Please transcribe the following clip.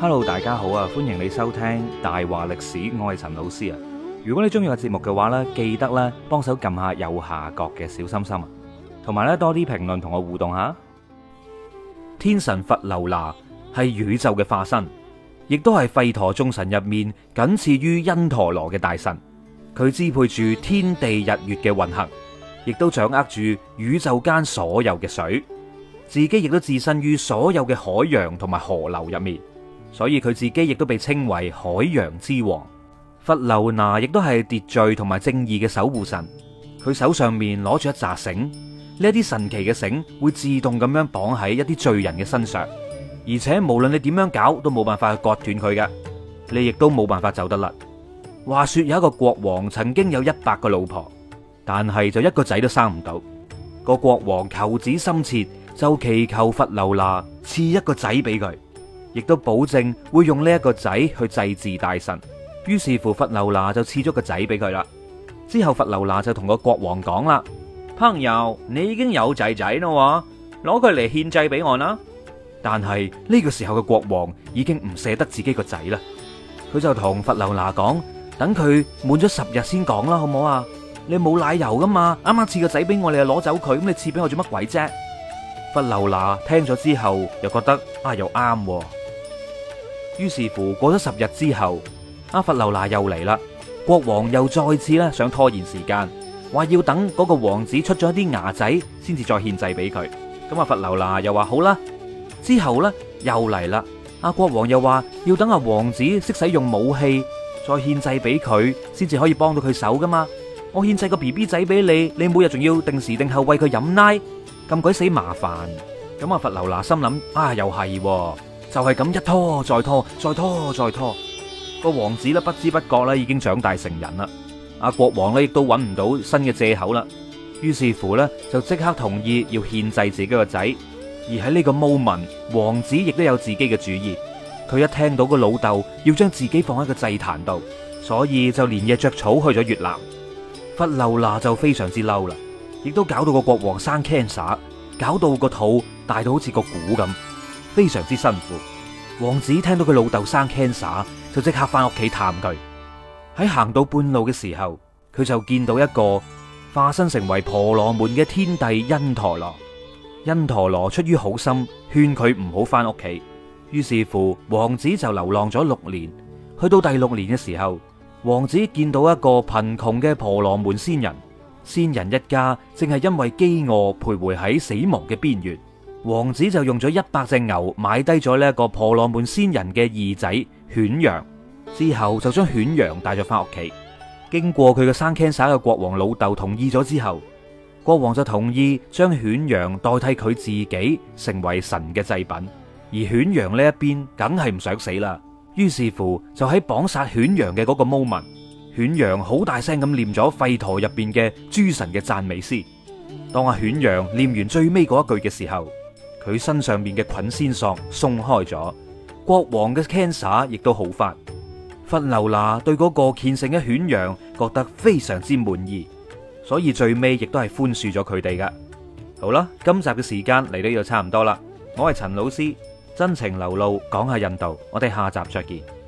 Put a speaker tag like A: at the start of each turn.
A: hello，大家好啊！歡迎你收聽大話歷史，我係陳老師啊。如果你中意我節目嘅話呢，記得咧幫手撳下右下角嘅小心心啊，同埋咧多啲評論同我互動下。天神伐樓那係宇宙嘅化身，亦都係吠陀眾神入面僅次於因陀羅嘅大神。佢支配住天地日月嘅運行，亦都掌握住宇宙間所有嘅水，自己亦都置身於所有嘅海洋同埋河流入面。所以佢自己亦都被稱為海洋之王。伐樓那亦都係秩序同埋正義嘅守護神。佢手上面攞住一紮繩，呢啲神奇嘅繩會自動咁樣綁喺一啲罪人嘅身上，而且無論你點樣搞都冇辦法去割斷佢嘅，你亦都冇辦法走得甩。話說有一個國王曾經有一百個老婆，但係就一個仔都生唔到。個國王求子心切，就祈求伐樓那賜一個仔俾佢。亦都保證會用呢一個仔去祭祀大神，於是乎伐樓那就賜咗個仔俾佢啦。之後伐樓那就同個國王講啦：朋友，你已經有仔仔啦，攞佢嚟獻祭俾我啦。但係呢個時候嘅國王已經唔捨得自己個仔啦，佢就同伐樓那講：等佢滿咗十日先講啦，好唔好啊？你冇奶油噶嘛，啱啱賜個仔俾我，你又攞走佢，咁你賜俾我做乜鬼啫？伐樓那聽咗之後又覺得啊，又啱喎。於是乎，過咗十日之後，阿伐樓那又嚟啦。國王又再次咧想拖延時間，話要等嗰個王子出咗啲牙仔，先至再獻祭俾佢。咁阿伐樓那又話好啦。之後呢，又嚟啦，阿國王又話要等阿王子識使用武器，再獻祭俾佢，先至可以幫到佢手噶嘛。我獻祭個 BB 仔俾你，你每日仲要定時定候喂佢飲奶，咁鬼死麻煩。咁阿伐樓那心諗啊、哎，又係哦。就係咁一拖再拖再拖再拖，個王子咧不知不覺咧已經長大成人啦。阿國王咧亦都揾唔到新嘅借口啦，於是乎呢，就即刻同意要獻祭自己個仔。而喺呢個 moment，王子亦都有自己嘅主意。佢一聽到個老豆要將自己放喺個祭壇度，所以就連夜着草去咗越南。伐樓那就非常之嬲啦，亦都搞到個國王生 cancer，搞到個肚大到好似個鼓咁。非常之辛苦。王子聽到佢老豆生 cancer，就即刻翻屋企探佢。喺行到半路嘅時候，佢就見到一個化身成為婆羅門嘅天帝因陀羅。因陀羅出於好心，勸佢唔好翻屋企。於是乎，王子就流浪咗六年。去到第六年嘅時候，王子見到一個貧窮嘅婆羅門仙人，仙人一家正係因為飢餓徘徊喺死亡嘅邊緣。王子就用咗一百隻牛買低咗呢一個婆羅門仙人嘅二仔犬羊，之後就將犬羊帶咗翻屋企。經過佢嘅生 cancer 嘅國王老豆同意咗之後，國王就同意將犬羊代替佢自己成為神嘅祭品。而犬羊呢一邊梗係唔想死啦，於是乎就喺綁殺犬羊嘅嗰個 moment，犬羊好大聲咁念咗吠陀入邊嘅諸神嘅讚美詩。當阿犬羊念完最尾嗰一句嘅時候，佢身上面嘅菌仙索鬆，鬆開咗，國王嘅 cancer 亦都好翻。伐樓那對嗰個虔誠嘅犬羊覺得非常之滿意，所以最尾亦都係寬恕咗佢哋噶。好啦，今集嘅時間嚟到到差唔多啦，我係陳老師，真情流露講下印度，我哋下集再見。